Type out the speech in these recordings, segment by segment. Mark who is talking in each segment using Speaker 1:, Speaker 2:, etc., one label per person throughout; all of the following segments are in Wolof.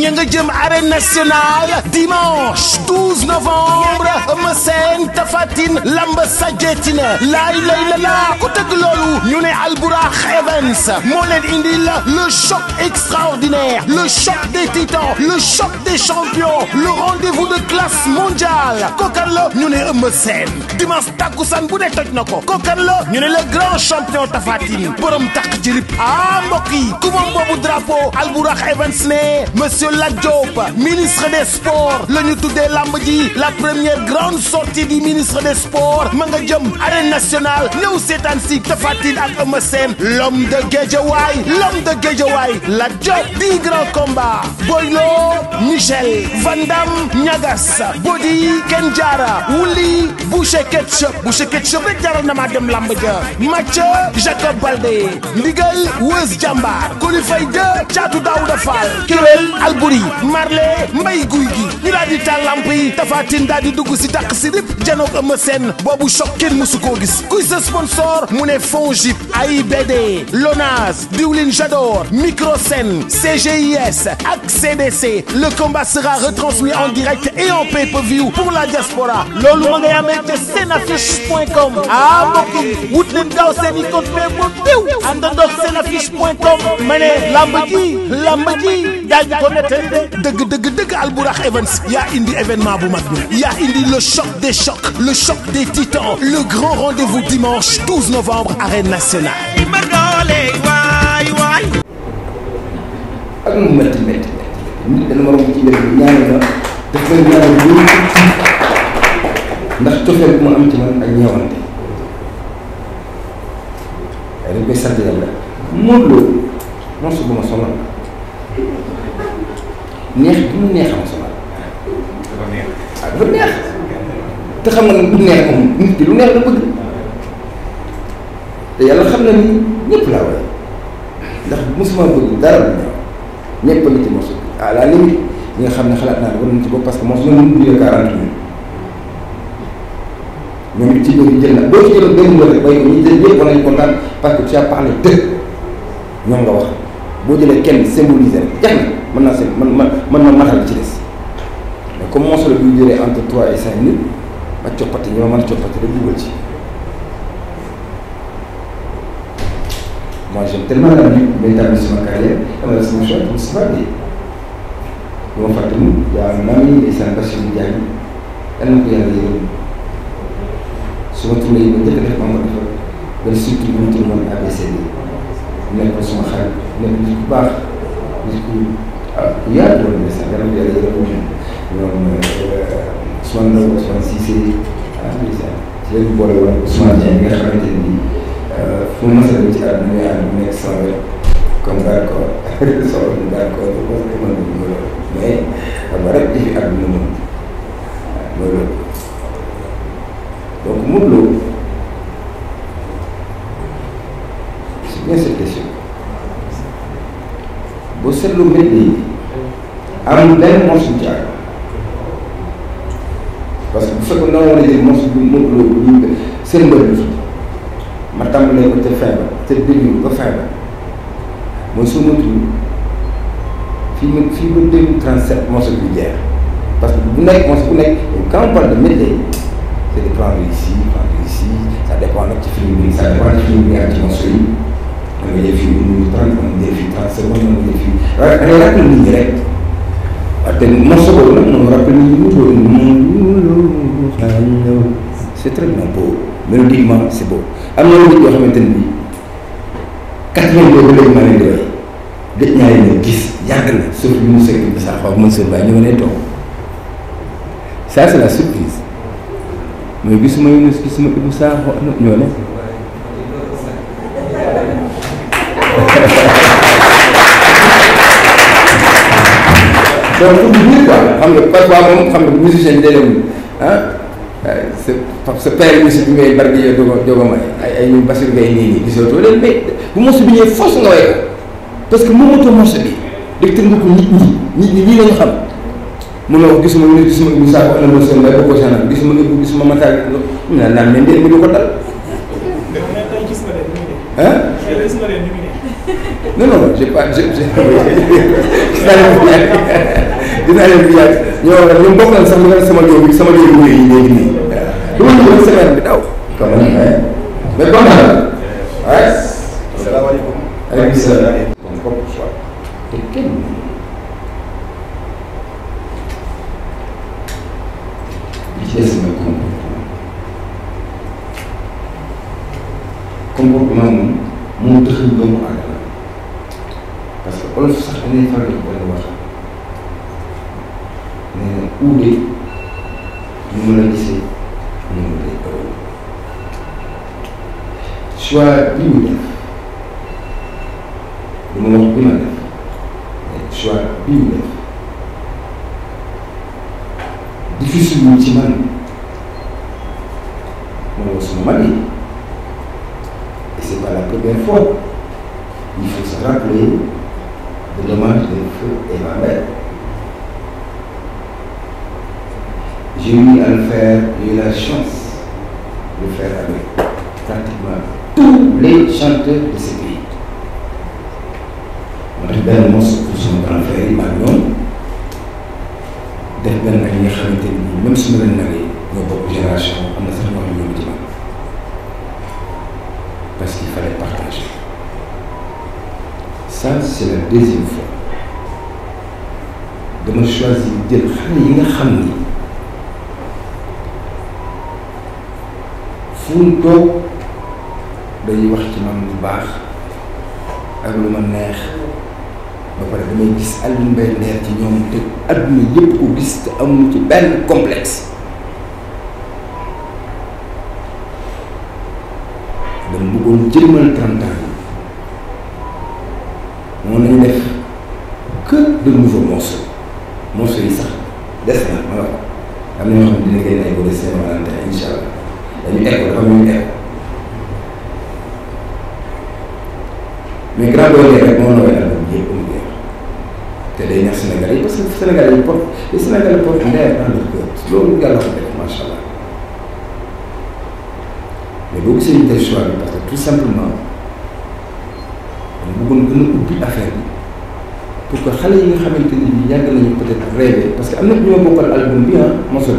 Speaker 1: ña nga jëm arène nationale dimanche 12 novembre Eumeu Sène Tapha Tine lamba sajetina laay lay la laa ko tëgg loolu ñu ne Albourakh Events moo leen le choc extraordinaire le choc des titans le choc des champions le rendez-vous de classe mondiale kookan la ñu ne Eumeu Sène dimanche takkusaan bu le grand champion Tapha Tine borom jirib ah mbokk yi ku drapeau Albourakh Events ne Abdou Lat Diop ministre des sports la ñu tuddee lamb la première grande sortie du ministre des sports ma nga nationale ñëw seetaan si Tapha Tine ak Eumeu Sène l'homme de Guédiawaye l'homme de Guédiawaye Lat Diop dix grands combats Boy Lo Michel Van Damme Niagas Body Kenjara Wuli Boucher Ketchup Boucher Ketchup rek jaral na maa dem lamb ja Mathieu Jacob Baldé Ndigal Weus Jambar Kolifay Dieng Thiatou Daouda Fall Kewel bur yi mbay guy gi ñu daal di taal lamp yi tafaatin daal di dugg si dàq si rip janoog ëma seen boobu choc kenn mësu koo gis kuy sa sponsor mu ne Fongip AIBD Lonase diwlin Jador Microsen CGIS ak CDC le combat sera retransmis en direct et en pay pour la diaspora loolu ma ngay amee te senaffiche.com ah mbokk wut leen gaaw seen i compte mais bu teew àndandoog senaffiche.com ma ne lamb ji lamb ji daañu ko te dëgg dëgg dëgg Albourakh Events yaa indi événement bu mag bi yaa indi le choc des chocs le choc des titans le grand rendez dimanche novembre arène nationale.
Speaker 2: ak mu métti métti nit dana ma romb ci mbir mi ñaari la daf may ñaari loolu ndax cofeel bu ma am ci man ak ñeewante waaye dañ koy sant yàlla moom loolu non su neex bi mu neex am solo. waaw ah, dafa neex. te xam nga
Speaker 1: ne du neex moom nit ki lu neex
Speaker 2: la bëgg. te yàlla xam na ni ñëpp laa war ndax mosuma bëgg dara du ñëpp a ngi ci mosu à la limite ñi nga xam ne xalaat naa ne war nañu ci bopp parce que mos na ñu dundee quarante mille ñoom it ci bëgg jël na boo ci jëloon benn mbir rek bay ñu jël yëpp war nañu kontaan parce que tu as parlé de ñoom nga wax boo jëlee kenn symboliser jax na mën naa seen mën mën na matal ci des mais comme morceau la buy duree entre trois et cinq minutes ma coppati ñi ma mën a coppati rek dugal ci moi j'aime tellement la musique mais tamit sama carrière dama def sama choix si ma bi ma fàtte mu yaa naa mi et seen bâche yu jaay na ko yàlla yërëm su ma tourné yi ba njëkk def ma ma defal benn surtout bu mu tourné woon ABCD nekk suma xarit nekk nit ku baax nit ku yarda wani da sakarar da ya zama mutum don usman da usman sise a bisa sai ku bora wani usman jami'a ya kamata ne eh, fun masa da wuce a duniya a duniya sauran kan barko sauran barko da wasu kamar da bora mai a bara ɗifi a duniya bora donc Modou Lo c'est bien cette question boo seetlu mel nii amul benn morceau ci ak parce que bu fekkoon da nga war a jël morceau bi Modou ma tàmbalee ko ca fin ba ca ba fin ba mooy soo motul fii ba fii ba deux mille trente sept morceau bi jeex parce que bu nekk morceau bu nekk quand on parle de métier c'est de prendre ici prendre ici ça dépend nag ci da nga def fii une minute trente man def fii trente secondes man def fii waaye da ngay rappel nit ñi rek waaw te morceau boobu nag moom rappel nit ñi mu tudd moom c'est très bien beau mélodiquement c'est beau am na nit yoo xamante ne bii quatre vingt deux ba léegi maa leen di wax dëj naa leen gis yàgg na surtout bi mu sekk bi sax xaw ma sër baa ñu ma nee toog ça c'est la surprise mais gisuma Younouss gisuma Ibou Sakho ñoo ne donc pour dire quoi xam nga parfois moom xam nga musicien bi day dem ah sa sa père musique bi ngay bari yow doo ay ay ñoom Bassirou Gueye nii nii gisoo too leen bu morceau force nga way ko parce que moomatoo morceau bi dégg nga ko nit ñi nit ñi lii la ñu xam mënoo ko gisuma nit gisuma Ibou Sakho ma seen mbay ba ko sanam gisuma Ibou gisuma Matar naan naan mais ndéem bi ko dal. ah. gis non non j'ai pas j'ai dinaa leen di yàgg ñoo xam ne ñoom bokk nañ sax ñu ne sama doom bi sama doom yi ñu ngi nii waaw lu ma semaine bi daw. kon mais kontaan na. waaye.
Speaker 1: salaamaaleykum. aleykum salaam.
Speaker 2: olof sax dañuy faral di benn wax nee na uude ñu mën a gisee ñu ngi lay bëri choix bi ñu def ma wax bi ma def mais choix bi ñu def difficile wul ci man moom suma mag yi et c'est pas la première fois l'hommage des feux et ma mère. J'ai eu à le faire, j'ai eu la chance de le faire avec pratiquement tous les chanteurs de ce pays. moo tax benn mos pour def benn ak ñi nga xamante ni même suñu leen naree ñoo bokk génération am na sax ñoo xam ne ñoo ci man parce qu'il fallait partager. ça c'est la deuxième fois dama choisir jël xale yi nga xam ni fu mu dañuy wax ci man lu baax ak lu ma neex ba pare damay gis Alioune Mbaye Nder ci ñoom te adduna yëpp ko gis te amul ci benn complexe dama bëggoon jëlmal 30 ans de nouveaux morceaux morceaux yi sax des na ma wax na ñoo xam ne dina génn ay bële seen Valentin incha allah dañu egg dafa am ñu egg mais grand doole rek moo nooy album yëpp amul jeex te day neex Sénégal yi parce que Sénégal yi porte les Sénégal yi porte ndeyam dans le cœur loolu yàlla ko def macha allah mais boo gisee ñu def choix bi parce que tout simplement ñu bëggoon gën pour que xale yi nga xamante ni bii yàgg nañu peut-être parce que am na ñoo bokkal album bi ah morceau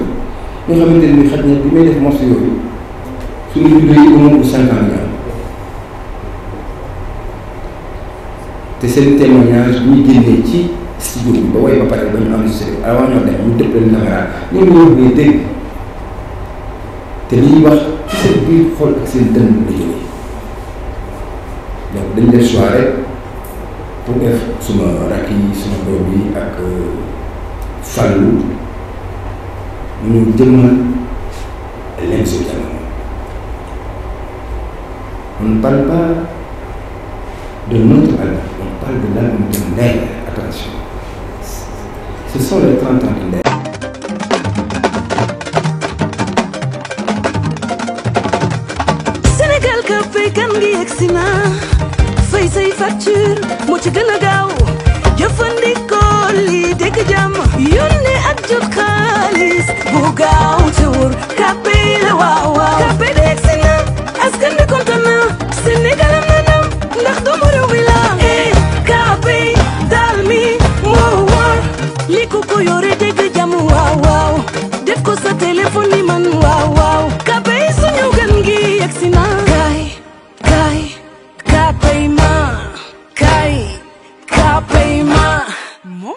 Speaker 2: bi ñoo xamante ni xaj na bi may def morceau yooyu yi au moins bu cinquante ans ah. te seen témoignage ñu génnee ci studio bi ba way ba ba ñu enregistré avant ñoo dem ñu dëpp leen caméra te li wax ci seen biir xol ak seen dënn la jógee donc dañ def soirée. pour def suma rakk yi suma doom yi ak euh, fàllu ñu jëmmal lensu jamono on ne parle pas de notre avenir on parle de l'avenir de Nder attention ce sont les trente ans de Nder
Speaker 1: Sénégal ka fay kan gi yegsi na fay say facture moo ci gën a gaaw jëfandikoo lii dégg jàmm yónnee ak jot xaalis bu gaaw te wóor kàppee